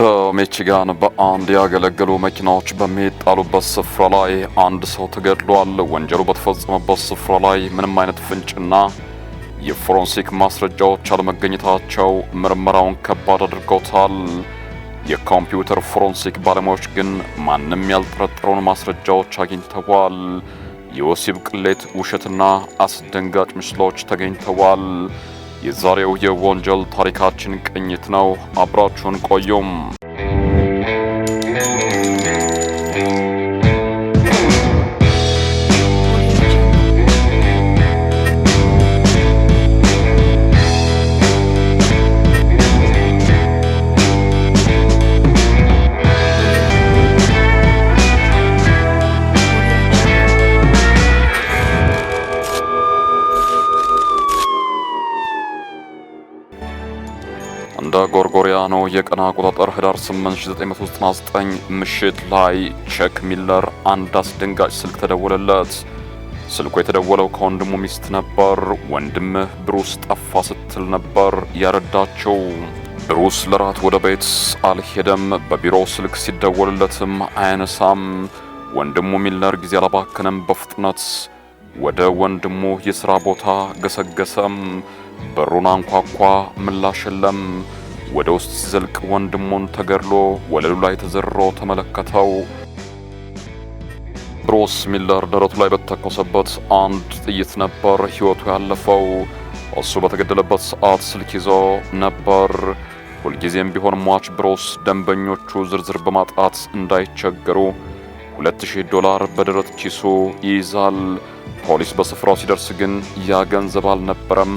በሜችጋን በአንድ ያገለገሉ መኪናዎች በሚጣሉበት ስፍራ ላይ አንድ ሰው ተገድሏል። ወንጀሉ በተፈጸመበት ስፍራ ላይ ምንም አይነት ፍንጭና የፎረንሲክ ማስረጃዎች አለመገኘታቸው ምርመራውን ከባድ አድርገውታል። የኮምፒውተር ፎረንሲክ ባለሙያዎች ግን ማንም ያልጠረጠረውን ማስረጃዎች አግኝተዋል። የወሲብ ቅሌት፣ ውሸትና አስደንጋጭ ምስሎች ተገኝተዋል። የዛሬው የወንጀል ታሪካችን ቅኝት ነው። አብራችሁን ቆዩም። እንደ ጎርጎሪያኖ የቀን አቆጣጠር ህዳር 8999 ምሽት ላይ ቼክ ሚለር አንድ አስደንጋጭ ስልክ ተደወለለት። ስልኩ የተደወለው ከወንድሙ ሚስት ነበር። ወንድምህ ብሩስ ጠፋ ስትል ነበር ያረዳቸው። ብሩስ ለራት ወደ ቤት አልሄደም። በቢሮው ስልክ ሲደወልለትም አያነሳም። ወንድሙ ሚለር ጊዜ አላባከነም። በፍጥነት ወደ ወንድሙ የሥራ ቦታ ገሰገሰም። በሩን አንኳኳ፣ ምላሽ የለም። ወደ ውስጥ ሲዘልቅ ወንድሙን ተገድሎ ወለሉ ላይ ተዘሮ ተመለከተው። ብሩስ ሚለር ደረቱ ላይ በተኮሰበት አንድ ጥይት ነበር ሕይወቱ ያለፈው። እሱ በተገደለበት ሰዓት ስልክ ይዞ ነበር። ሁልጊዜም ቢሆን ሟች ብሩስ ደንበኞቹ ዝርዝር በማጣት እንዳይቸገሩ 2000 ዶላር በደረት ኪሱ ይይዛል። ፖሊስ በስፍራው ሲደርስ ግን ያ ገንዘብ አልነበረም።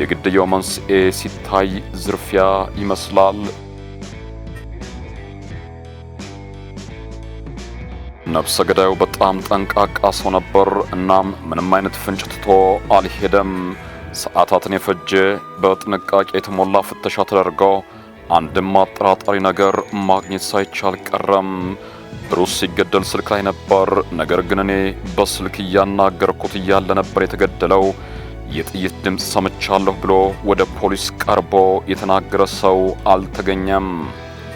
የግድያው መንስኤ ሲታይ ዝርፊያ ይመስላል። ነፍሰ ገዳዩ በጣም ጠንቃቃ ሰው ነበር። እናም ምንም አይነት ፍንጭ ትቶ አልሄደም። ሰዓታትን የፈጀ በጥንቃቄ የተሞላ ፍተሻ ተደርገው አንድም አጠራጣሪ ነገር ማግኘት ሳይቻል ቀረም። ብሩስ ሲገደል ስልክ ላይ ነበር። ነገር ግን እኔ በስልክ እያናገርኩት እያለ ነበር የተገደለው የጥይት ድምፅ ሰምቻለሁ ብሎ ወደ ፖሊስ ቀርቦ የተናገረ ሰው አልተገኘም።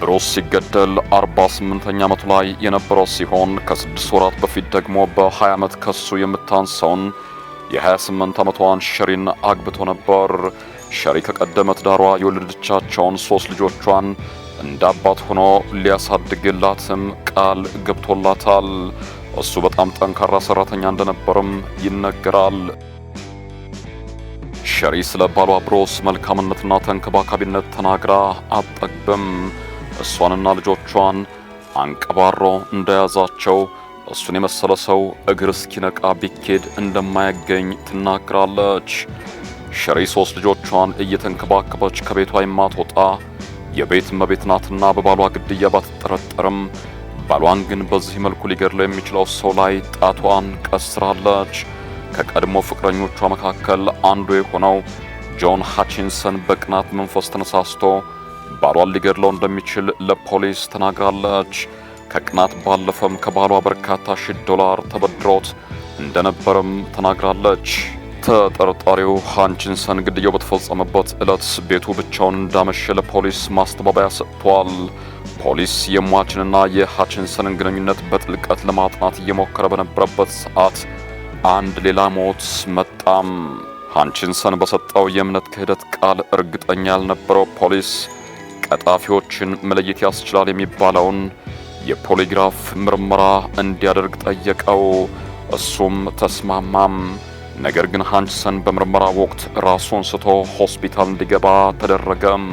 ብሩስ ሲገደል 48ኛ ዓመቱ ላይ የነበረው ሲሆን ከስድስት ወራት በፊት ደግሞ በ20 ዓመት ከሱ የምታንሰውን የ28 ዓመቷን ሸሪን አግብቶ ነበር። ሸሪ ከቀደመ ትዳሯ የወለደቻቸውን ሦስት ልጆቿን እንደ አባት ሆኖ ሊያሳድግላትም ቃል ገብቶላታል። እሱ በጣም ጠንካራ ሠራተኛ እንደነበርም ይነገራል። ሸሪ ስለ ባሏ ብሮስ መልካምነትና ተንከባካቢነት ተናግራ አጠግብም እሷንና ልጆቿን አንቀባሮ እንደያዛቸው እሱን የመሰለ ሰው እግር እስኪነቃ ቢኬድ እንደማያገኝ ትናግራለች። ሸሪ ሶስት ልጆቿን እየተንከባከበች ከቤቷ የማትወጣ የቤት እመቤት ናትና በባሏ ግድያ ባትጠረጠርም ባሏን ግን በዚህ መልኩ ሊገድለው የሚችለው ሰው ላይ ጣቷን ቀስራለች። ከቀድሞ ፍቅረኞቿ መካከል አንዱ የሆነው ጆን ሃቺንሰን በቅናት መንፈስ ተነሳስቶ ባሏን ሊገድለው እንደሚችል ለፖሊስ ተናግራለች። ከቅናት ባለፈም ከባሏ በርካታ ሺህ ዶላር ተበድሮት እንደነበረም ተናግራለች። ተጠርጣሪው ሃቺንሰን ግድያው በተፈጸመበት ዕለት ቤቱ ብቻውን እንዳመሸ ለፖሊስ ማስተባበያ ሰጥቷል። ፖሊስ የሟችንና የሃቺንሰንን ግንኙነት በጥልቀት ለማጥናት እየሞከረ በነበረበት ሰዓት አንድ ሌላ ሞት መጣም። ሃንቺንሰን በሰጠው የእምነት ክህደት ቃል እርግጠኛ ያልነበረው ፖሊስ ቀጣፊዎችን መለየት ያስችላል የሚባለውን የፖሊግራፍ ምርመራ እንዲያደርግ ጠየቀው። እሱም ተስማማም። ነገር ግን ሃንችሰን በምርመራ ወቅት ራሱን ስቶ ሆስፒታል እንዲገባ ተደረገም።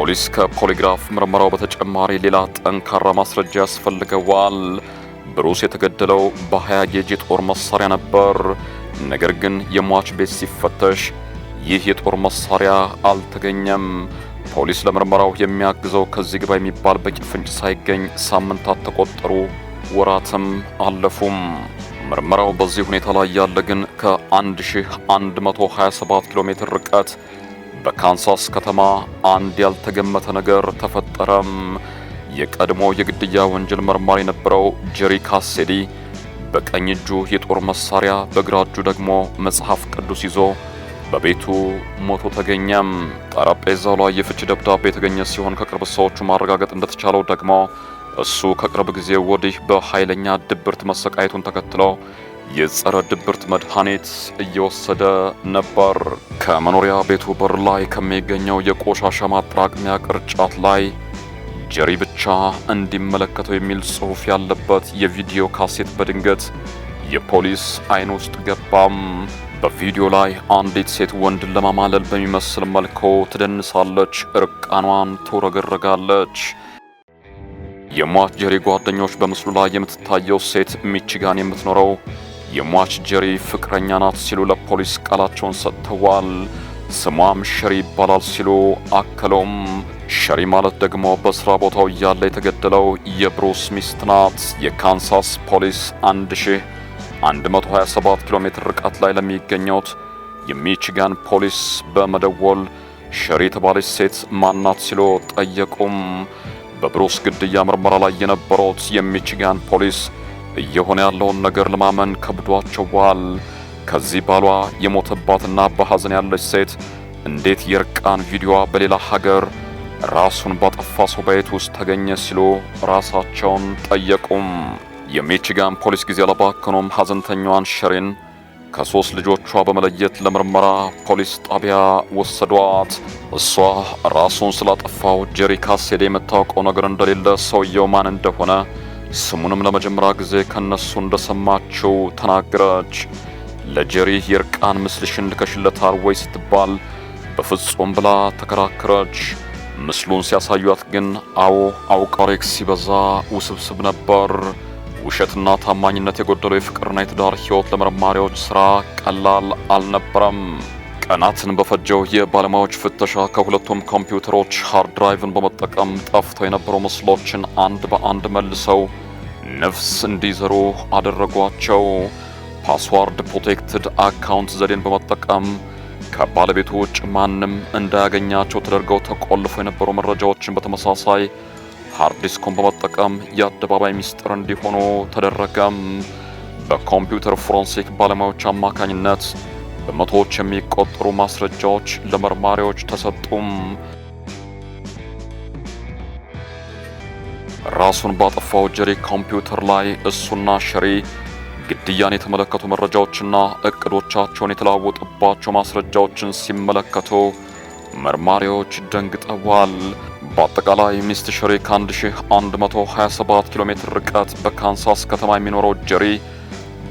ፖሊስ ከፖሊግራፍ ምርመራው በተጨማሪ ሌላ ጠንካራ ማስረጃ ያስፈልገዋል። ብሩስ የተገደለው በሀያ ጌጅ የጦር መሳሪያ ነበር። ነገር ግን የሟች ቤት ሲፈተሽ ይህ የጦር መሳሪያ አልተገኘም። ፖሊስ ለምርመራው የሚያግዘው ከዚህ ግባ የሚባል በቂ ፍንጭ ሳይገኝ ሳምንታት ተቆጠሩ፣ ወራትም አለፉም። ምርመራው በዚህ ሁኔታ ላይ ያለ ግን ከ1127 ኪሎ ሜትር ርቀት በካንሳስ ከተማ አንድ ያልተገመተ ነገር ተፈጠረም። የቀድሞ የግድያ ወንጀል መርማሪ የነበረው ጄሪ ካሴዲ በቀኝ እጁ የጦር መሳሪያ በግራ እጁ ደግሞ መጽሐፍ ቅዱስ ይዞ በቤቱ ሞቶ ተገኘም። ጠረጴዛው ላይ የፍቺ ደብዳቤ የተገኘ ሲሆን ከቅርብ ሰዎቹ ማረጋገጥ እንደተቻለው ደግሞ እሱ ከቅርብ ጊዜ ወዲህ በኃይለኛ ድብርት መሰቃየቱን ተከትለው የጸረ ድብርት መድኃኒት እየወሰደ ነበር። ከመኖሪያ ቤቱ በር ላይ ከሚገኘው የቆሻሻ ማጠራቀሚያ ቅርጫት ላይ ጀሪ ብቻ እንዲመለከተው የሚል ጽሑፍ ያለበት የቪዲዮ ካሴት በድንገት የፖሊስ አይን ውስጥ ገባም። በቪዲዮ ላይ አንዲት ሴት ወንድን ለማማለል በሚመስል መልኩ ትደንሳለች፣ እርቃኗን ትውረገረጋለች። የሟች ጀሪ ጓደኞች በምስሉ ላይ የምትታየው ሴት ሚቺጋን የምትኖረው የሟች ጀሪ ፍቅረኛ ናት ሲሉ ለፖሊስ ቃላቸውን ሰጥተዋል። ስሟም ሸሪ ይባላል ሲሉ አክለውም ሸሪ ማለት ደግሞ በስራ ቦታው እያለ የተገደለው የብሩስ ሚስት ናት። የካንሳስ ፖሊስ 1127 ኪሎ ሜትር ርቀት ላይ ለሚገኘውት የሚችጋን ፖሊስ በመደወል ሸሪ የተባለች ሴት ማናት ሲሉ ጠየቁም። በብሩስ ግድያ ምርመራ ላይ የነበሩት የሚችጋን ፖሊስ እየሆነ ያለውን ነገር ለማመን ከብዷቸዋል። ከዚህ ባሏ የሞተባትና በሐዘን ያለች ሴት እንዴት የርቃን ቪዲዮዋ በሌላ ሀገር ራሱን ባጠፋ ሰው ቤት ውስጥ ተገኘ ሲሉ ራሳቸውን ጠየቁም። የሚቺጋን ፖሊስ ጊዜ ለባከኖም ሐዘንተኛዋን ሸሪን ከሶስት ልጆቿ በመለየት ለምርመራ ፖሊስ ጣቢያ ወሰዷት። እሷ ራሱን ስላጠፋው ጄሪ ካሴዴ የምታውቀው ነገር እንደሌለ ሰውየው ማን እንደሆነ ስሙንም ለመጀመሪያ ጊዜ ከነሱ እንደሰማችው ተናገረች። ለጀሪ የእርቃን ምስልሽን ልከሽለታል ወይ ስትባል በፍጹም ብላ ተከራከረች። ምስሉን ሲያሳዩት ግን አዎ አውቃሬክ ሲበዛ ውስብስብ ነበር። ውሸትና ታማኝነት የጎደለው የፍቅርና የትዳር ሕይወት ለመርማሪዎች ሥራ ቀላል አልነበረም። ቀናትን በፈጀው የባለሙያዎች ፍተሻ ከሁለቱም ኮምፒውተሮች ሃርድ ድራይቭን በመጠቀም ጠፍተው የነበሩ ምስሎችን አንድ በአንድ መልሰው ነፍስ እንዲዘሩ አደረጓቸው። ፓስዋርድ ፕሮቴክትድ አካውንት ዘዴን በመጠቀም ከባለቤቱ ውጭ ማንም እንዳያገኛቸው ተደርገው ተቆልፎ የነበሩ መረጃዎችን በተመሳሳይ ሃርዲስኩን በመጠቀም የአደባባይ ሚስጥር እንዲሆኑ ተደረገም። በኮምፒውተር ፎረንሲክ ባለሙያዎች አማካኝነት በመቶዎች የሚቆጠሩ ማስረጃዎች ለመርማሪዎች ተሰጡም። ራሱን ባጠፋው ጀሪ ኮምፒውተር ላይ እሱና ሸሪ ግድያን የተመለከቱ መረጃዎችና እቅዶቻቸውን የተለዋወጥባቸው ማስረጃዎችን ሲመለከቱ መርማሪዎች ደንግጠዋል። በአጠቃላይ ሚስት ሸሪ ከ1127 ኪሎ ሜትር ርቀት በካንሳስ ከተማ የሚኖረው ጀሪ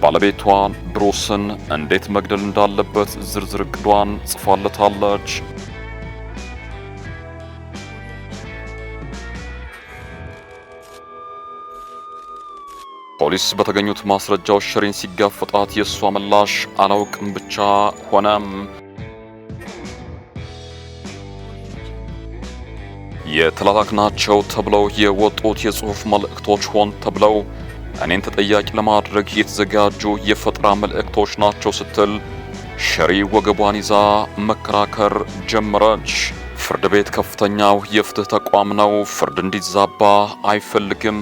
ባለቤቷን ብሩስን እንዴት መግደል እንዳለበት ዝርዝር እቅዷን ጽፋለታለች። ፖሊስ በተገኙት ማስረጃዎች ሸሪን ሲጋፈጣት የእሷ ምላሽ አላውቅም ብቻ ሆነም። የተላላክ ናቸው ተብለው የወጡት የጽሑፍ መልእክቶች ሆን ተብለው እኔን ተጠያቂ ለማድረግ የተዘጋጁ የፈጠራ መልእክቶች ናቸው ስትል ሸሪ ወገቧን ይዛ መከራከር ጀመረች። ፍርድ ቤት ከፍተኛው የፍትህ ተቋም ነው፣ ፍርድ እንዲዛባ አይፈልግም።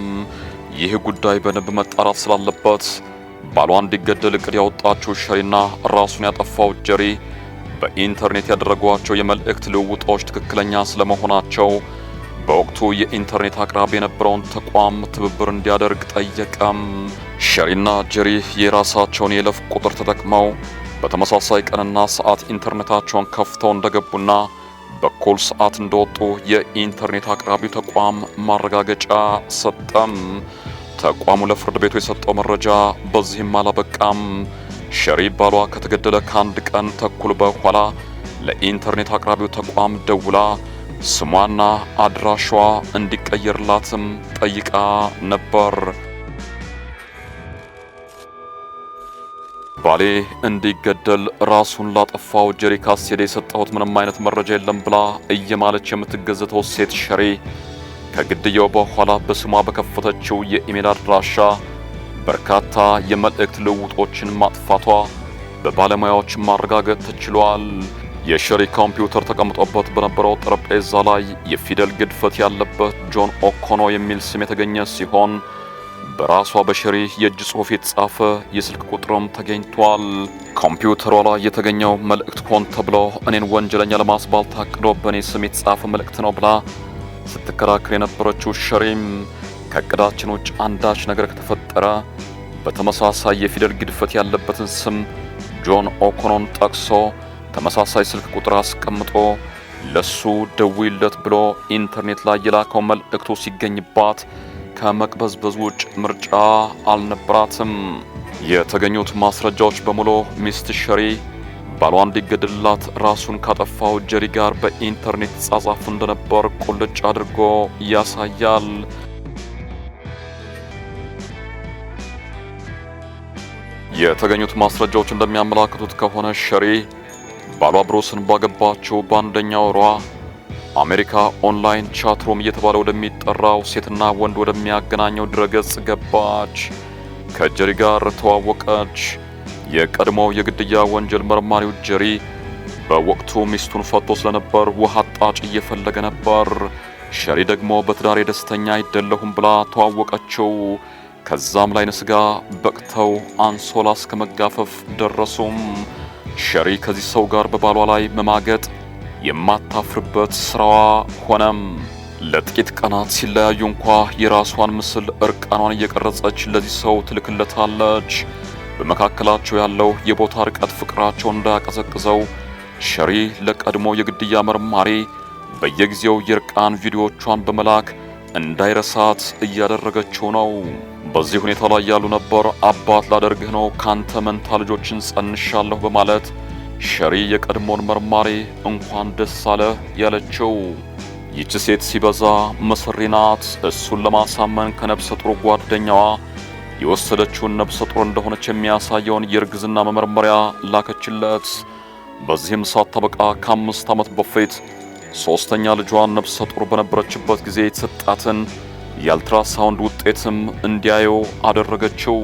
ይህ ጉዳይ በንብ መጣራት ስላለበት ባሏ እንዲገደል እቅድ ያወጣችው ሸሪና ራሱን ያጠፋው ጀሪ በኢንተርኔት ያደረጓቸው የመልእክት ልውውጦች ትክክለኛ ስለመሆናቸው በወቅቱ የኢንተርኔት አቅራቢ የነበረውን ተቋም ትብብር እንዲያደርግ ጠየቀም። ሸሪና ጀሪ የራሳቸውን የለፍ ቁጥር ተጠቅመው በተመሳሳይ ቀንና ሰዓት ኢንተርኔታቸውን ከፍተው እንደገቡና በኩል ሰዓት እንደወጡ የኢንተርኔት አቅራቢው ተቋም ማረጋገጫ ሰጠም። ተቋሙ ለፍርድ ቤቱ የሰጠው መረጃ በዚህም አላበቃም። ሸሪ ባሏ ከተገደለ ከአንድ ቀን ተኩል በኋላ ለኢንተርኔት አቅራቢው ተቋም ደውላ ስሟና አድራሿ እንዲቀየርላትም ጠይቃ ነበር። ባሌ እንዲገደል ራሱን ላጠፋው ጄሪ ካሴድ የሰጠሁት ምንም አይነት መረጃ የለም ብላ እየማለች የምትገዘተው ሴት ሸሬ ከግድያው በኋላ በስሟ በከፈተችው የኢሜል አድራሻ በርካታ የመልእክት ልውጦችን ማጥፋቷ በባለሙያዎች ማረጋገጥ ተችሏል። የሸሪ ኮምፒውተር ተቀምጦበት በነበረው ጠረጴዛ ላይ የፊደል ግድፈት ያለበት ጆን ኦኮኖ የሚል ስም የተገኘ ሲሆን በራሷ በሸሪ የእጅ ጽሑፍ የተጻፈ የስልክ ቁጥርም ተገኝቷል። ኮምፒውተሯ ላይ የተገኘው መልእክት ሆን ተብሎ እኔን ወንጀለኛ ለማስባል ታቅዶ በእኔ ስም የተጻፈ መልእክት ነው ብላ ስትከራከር የነበረችው ሸሪም ከእቅዳችን ውጭ አንዳች ነገር ከተፈጠረ በተመሳሳይ የፊደል ግድፈት ያለበትን ስም ጆን ኦኮኖን ጠቅሶ ተመሳሳይ ስልክ ቁጥር አስቀምጦ ለሱ ደውይለት ብሎ ኢንተርኔት ላይ የላከው መልእክቱ ሲገኝባት ከመቅበዝበዝ ውጭ ምርጫ አልነበራትም። የተገኙት ማስረጃዎች በሙሉ ሚስት ሸሪ ባሏ እንዲገድላት ራሱን ካጠፋው ጀሪ ጋር በኢንተርኔት ጻጻፉ እንደነበር ቁልጭ አድርጎ ያሳያል። የተገኙት ማስረጃዎች እንደሚያመላክቱት ከሆነ ሸሪ ባሏ ብሮስን ባገባቸው በአንደኛ ወሯ አሜሪካ ኦንላይን ቻትሮም እየተባለ ወደሚጠራው ሴትና ወንድ ወደሚያገናኘው ድረገጽ ገባች፣ ከጀሪ ጋር ተዋወቀች። የቀድሞው የግድያ ወንጀል መርማሪው ጀሪ በወቅቱ ሚስቱን ፈቶ ስለነበር ውሃ ጣጭ እየፈለገ ነበር። ሸሪ ደግሞ በትዳሬ ደስተኛ አይደለሁም ብላ ተዋወቀችው። ከዛም ላይነ ስጋ በቅተው አንሶላ እስከ መጋፈፍ ደረሱም። ሸሪ ከዚህ ሰው ጋር በባሏ ላይ መማገጥ የማታፍርበት ስራዋ ሆነም። ለጥቂት ቀናት ሲለያዩ እንኳ የራሷን ምስል እርቃኗን እየቀረጸች ለዚህ ሰው ትልክለታለች። በመካከላቸው ያለው የቦታ ርቀት ፍቅራቸውን እንዳያቀዘቅዘው ሸሪ ለቀድሞ የግድያ መርማሪ በየጊዜው የእርቃን ቪዲዮቿን በመላክ እንዳይረሳት እያደረገችው ነው። በዚህ ሁኔታ ላይ ያሉ ነበር። አባት ላደርግህ ነው ካንተ መንታ ልጆችን ጸንሻለሁ በማለት ሸሪ የቀድሞን መርማሪ እንኳን ደስ አለህ ያለችው ይቺ ሴት ሲበዛ ምስሪ ናት። እሱን ለማሳመን ከነፍሰ ጡር ጓደኛዋ የወሰደችውን ነፍሰ ጡር እንደሆነች የሚያሳየውን የእርግዝና መመርመሪያ ላከችለት። በዚህም ሳታበቃ ከአምስት ዓመት በፊት ሦስተኛ ልጇን ነፍሰ ጡር በነበረችበት ጊዜ የተሰጣትን የአልትራሳውንድ ውጤትም እንዲያየው አደረገችው።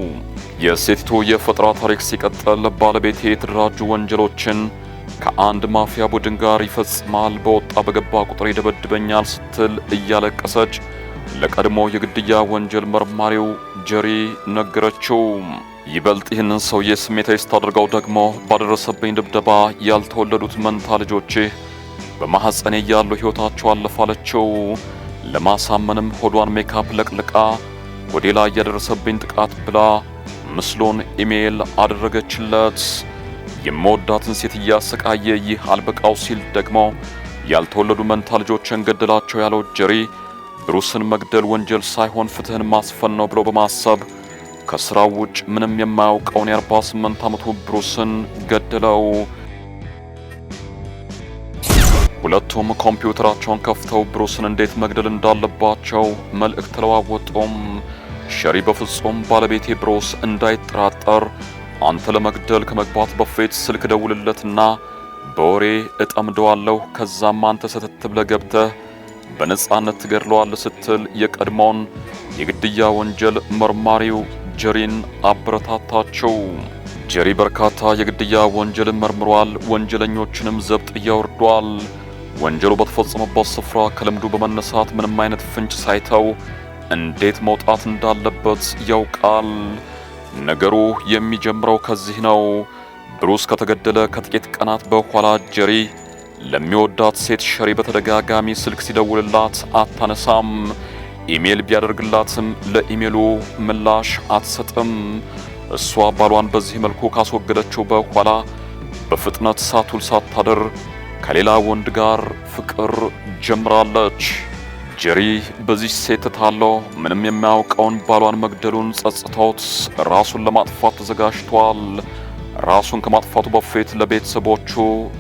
የሴቲቱ የፈጠራ ታሪክ ሲቀጥል ባለቤቴ የተደራጁ ወንጀሎችን ከአንድ ማፊያ ቡድን ጋር ይፈጽማል፣ በወጣ በገባ ቁጥር ይደበድበኛል ስትል እያለቀሰች ለቀድሞ የግድያ ወንጀል መርማሪው ጀሪ ነገረችው። ይበልጥ ይህንን ሰውዬ ስሜታዊ ስታደርገው ደግሞ ባደረሰብኝ ድብደባ ያልተወለዱት መንታ ልጆችህ በማኅፀኔ እያሉ ሕይወታቸው አለፋለችው ለማሳመንም ሆዷን ሜካፕ ለቅልቃ ወዴ ላይ የደረሰብኝ ጥቃት ብላ ምስሎን ኢሜይል አደረገችለት። የምወዳትን ሴት እያሰቃየ ይህ አልበቃው ሲል ደግሞ ያልተወለዱ መንታ ልጆችን ገደላቸው ያለው ጀሪ ብሩስን መግደል ወንጀል ሳይሆን ፍትህን ማስፈን ነው ብሎ በማሰብ ከስራው ውጭ ምንም የማያውቀውን የ48 ዓመቱ ብሩስን ገደለው። ሁለቱም ኮምፒውተራቸውን ከፍተው ብሩስን እንዴት መግደል እንዳለባቸው መልእክት ተለዋወጡም። ሸሪ በፍጹም ባለቤቴ ብሩስ እንዳይጠራጠር አንተ ለመግደል ከመግባት በፊት ስልክ ደውልለትና በወሬ እጠምደዋለሁ፣ ከዛም አንተ ሰተት ብለህ ገብተህ በነጻነት ትገድለዋለህ ስትል የቀድሞውን የግድያ ወንጀል መርማሪው ጀሪን አበረታታቸው። ጀሪ በርካታ የግድያ ወንጀልን መርምሯል። ወንጀለኞችንም ዘብጥ እያወርዷል። ወንጀሉ በተፈጸመበት ስፍራ ከልምዱ በመነሳት ምንም አይነት ፍንጭ ሳይተው እንዴት መውጣት እንዳለበት ያውቃል። ነገሩ የሚጀምረው ከዚህ ነው። ብሩስ ከተገደለ ከጥቂት ቀናት በኋላ ጀሪ ለሚወዳት ሴት ሸሪ በተደጋጋሚ ስልክ ሲደውልላት አታነሳም። ኢሜል ቢያደርግላትም ለኢሜሉ ምላሽ አትሰጥም። እሷ ባሏን በዚህ መልኩ ካስወገደችው በኋላ በፍጥነት ሳትውል ሳታድር ከሌላ ወንድ ጋር ፍቅር ጀምራለች። ጀሪ በዚህ ሴት ታለው ምንም የማያውቀውን ባሏን መግደሉን ጸጽተውት ራሱን ለማጥፋት ተዘጋጅቷል። ራሱን ከማጥፋቱ በፊት ለቤተሰቦቹ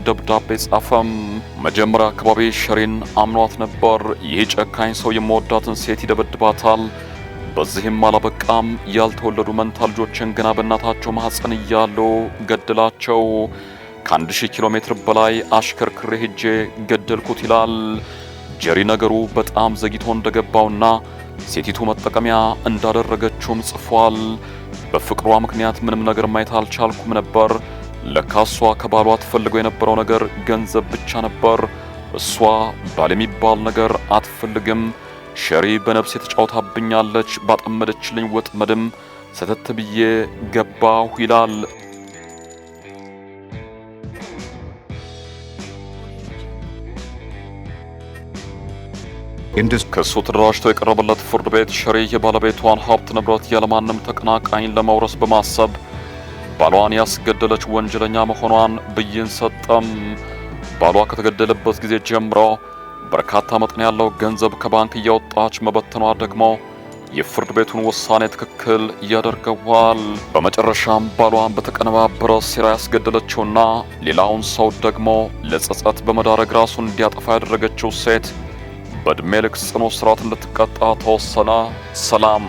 ደብዳቤ ጻፈም። መጀመሪያ አካባቢ ሸሪን አምኗት ነበር። ይህ ጨካኝ ሰው የመወዳትን ሴት ይደበድባታል። በዚህም አላበቃም። ያልተወለዱ መንታ ልጆችን ገና በእናታቸው ማህፀን እያሉ ገድላቸው ከ1000 ኪሎ ሜትር በላይ አሽከርክሬ ሄጄ ገደልኩት ይላል ጀሪ። ነገሩ በጣም ዘግይቶ እንደገባውና ሴቲቱ መጠቀሚያ እንዳደረገችውም ጽፏል። በፍቅሯ ምክንያት ምንም ነገር ማየት አልቻልኩም ነበር። ለካሷ ከባሏ ትፈልገው የነበረው ነገር ገንዘብ ብቻ ነበር። እሷ ባል የሚባል ነገር አትፈልግም። ሸሪ በነፍሴ ተጫውታብኛለች። ባጠመደችልኝ ወጥመድም ሰተት ብዬ ገባሁ ይላል። መንግስት ክሱ ተደራጅቶ የቀረበለት ፍርድ ቤት ሸሪ የባለቤቷን ሀብት ንብረት ያለማንም ተቀናቃኝ ለመውረስ በማሰብ ባሏን ያስገደለች ወንጀለኛ መሆኗን ብይን ሰጠም። ባሏ ከተገደለበት ጊዜ ጀምሮ በርካታ መጠን ያለው ገንዘብ ከባንክ እያወጣች መበተኗ ደግሞ የፍርድ ቤቱን ውሳኔ ትክክል ያደርገዋል። በመጨረሻም ባሏን በተቀነባበረ ሴራ ያስገደለችውና ሌላውን ሰው ደግሞ ለጸጸት በመዳረግ ራሱን እንዲያጠፋ ያደረገችው ሴት በዕድሜ ልክ ጽኑ እስራት እንድትቀጣ ተወሰነ። ሰላም